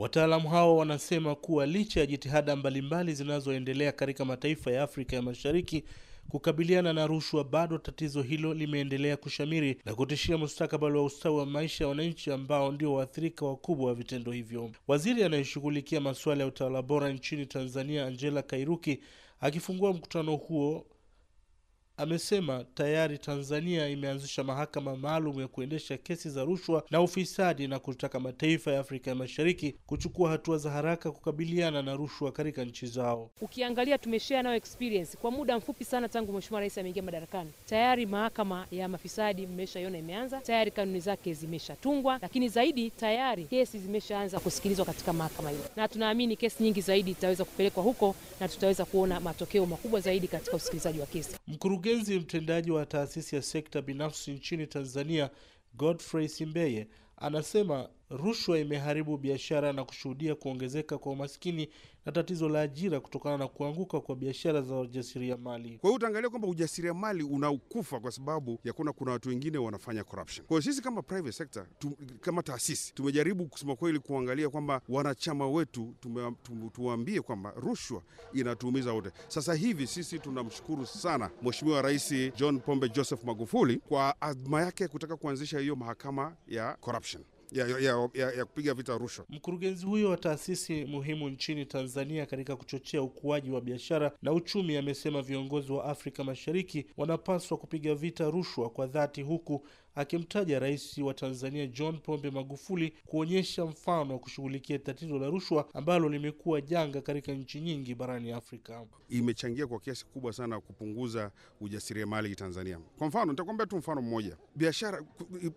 Wataalamu hao wanasema kuwa licha ya jitihada mbalimbali zinazoendelea katika mataifa ya Afrika ya Mashariki kukabiliana na rushwa, bado tatizo hilo limeendelea kushamiri na kutishia mustakabali wa ustawi wa maisha ya wananchi ambao ndio waathirika wakubwa wa vitendo hivyo. Waziri anayeshughulikia masuala ya utawala bora nchini Tanzania, Angela Kairuki, akifungua mkutano huo amesema tayari Tanzania imeanzisha mahakama maalum ya kuendesha kesi za rushwa na ufisadi na kutaka mataifa ya Afrika ya Mashariki kuchukua hatua za haraka kukabiliana na rushwa katika nchi zao. Ukiangalia tumeshare nayo experience kwa muda mfupi sana tangu Mheshimiwa Rais ameingia madarakani, tayari mahakama ya mafisadi mmeshaiona imeanza tayari, kanuni zake zimeshatungwa, lakini zaidi tayari kesi zimeshaanza kusikilizwa katika mahakama hiyo, na tunaamini kesi nyingi zaidi zitaweza kupelekwa huko na tutaweza kuona matokeo makubwa zaidi katika usikilizaji wa kesi. Mkurugenzi Mkurugenzi mtendaji wa taasisi ya sekta binafsi nchini Tanzania Godfrey Simbeye anasema Rushwa imeharibu biashara na kushuhudia kuongezeka kwa umaskini na tatizo la ajira kutokana na kuanguka kwa biashara za mali. Kwa hiyo utaangalia kwamba ujasiria mali unaukufa kwa sababu ya kuona kuna watu wengine wanafanya corruption. Kwa hiyo sisi kama private sector tu, kama taasisi tumejaribu kusema kweli kuangalia kwamba wanachama wetu tuwaambie kwamba rushwa inatuumiza wote. Sasa hivi sisi tunamshukuru sana Mheshimiwa Rais John Pombe Joseph Magufuli kwa azma yake kutaka kuanzisha hiyo mahakama ya corruption ya, ya, ya, ya kupiga vita rushwa. Mkurugenzi huyo wa taasisi muhimu nchini Tanzania katika kuchochea ukuaji wa biashara na uchumi amesema viongozi wa Afrika Mashariki wanapaswa kupiga vita rushwa kwa dhati, huku akimtaja Rais wa Tanzania John Pombe Magufuli kuonyesha mfano wa kushughulikia tatizo la rushwa ambalo limekuwa janga katika nchi nyingi barani Afrika. Imechangia kwa kiasi kubwa sana kupunguza ujasiriamali Tanzania. Kwa mfano, nitakwambia tu mfano mmoja, biashara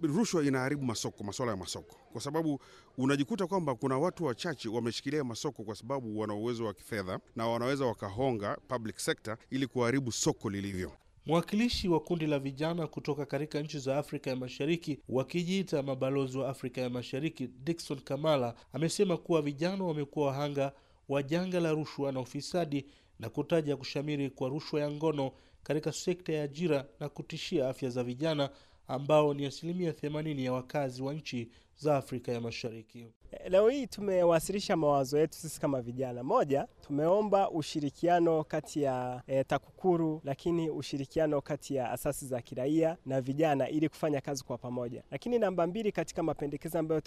rushwa inaharibu masoko, masuala ya masoko masoko, kwa sababu unajikuta kwamba kuna watu wachache wameshikilia masoko kwa sababu wana uwezo wa kifedha na wanaweza wakahonga public sector ili kuharibu soko lilivyo. Mwakilishi wa kundi la vijana kutoka katika nchi za Afrika ya Mashariki wakijiita mabalozi wa Afrika ya Mashariki, Dickson Kamala amesema kuwa vijana wamekuwa wahanga wa janga la rushwa na ufisadi na kutaja kushamiri kwa rushwa ya ngono katika sekta ya ajira na kutishia afya za vijana ambao ni asilimia 80 ya wakazi wa nchi za Afrika ya Mashariki. Leo hii tumewasilisha mawazo yetu sisi kama vijana. Moja, tumeomba ushirikiano kati ya e, TAKUKURU, lakini ushirikiano kati ya asasi za kiraia na vijana ili kufanya kazi kwa pamoja. Lakini namba mbili, katika mapendekezo ambayo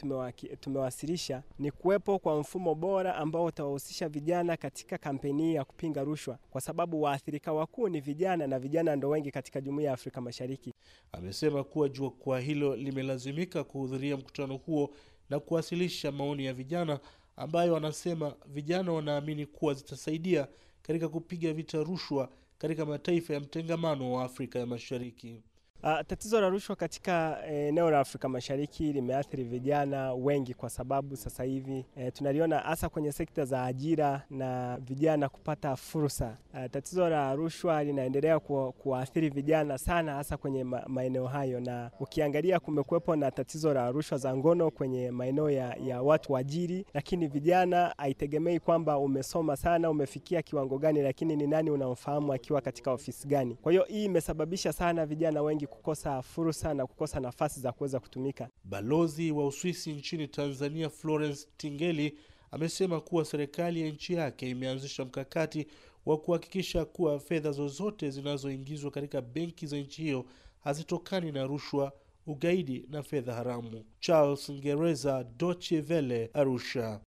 tumewasilisha ni kuwepo kwa mfumo bora ambao utawahusisha vijana katika kampeni ya kupinga rushwa, kwa sababu waathirika wakuu ni vijana na vijana ndo wengi katika jumuiya ya Afrika Mashariki. Amesema kuwa jua kwa hilo limelazimika kuhudhuria mkutano mkutano huo na kuwasilisha maoni ya vijana ambayo wanasema vijana wanaamini kuwa zitasaidia katika kupiga vita rushwa katika mataifa ya mtengamano wa Afrika ya Mashariki. Uh, tatizo la rushwa katika eh, eneo eh, la Afrika Mashariki limeathiri vijana wengi kwa sababu sasa hivi eh, tunaliona hasa kwenye sekta za ajira na vijana kupata fursa. Uh, tatizo la rushwa linaendelea kuathiri vijana sana hasa kwenye ma maeneo hayo, na ukiangalia kumekuwepo na tatizo la rushwa za ngono kwenye maeneo ya, ya watu wajiri, lakini vijana haitegemei kwamba umesoma sana umefikia kiwango gani, lakini ni nani unamfahamu akiwa katika ofisi gani. Kwa hiyo hii imesababisha sana vijana wengi wengi kukosa fursa na kukosa nafasi za kuweza kutumika. Balozi wa Uswisi nchini Tanzania Florence Tingeli amesema kuwa serikali ya nchi yake imeanzisha mkakati wa kuhakikisha kuwa fedha zozote zinazoingizwa katika benki za nchi hiyo hazitokani na rushwa, ugaidi na fedha haramu. Charles Ngereza, Deutsche Welle, Arusha.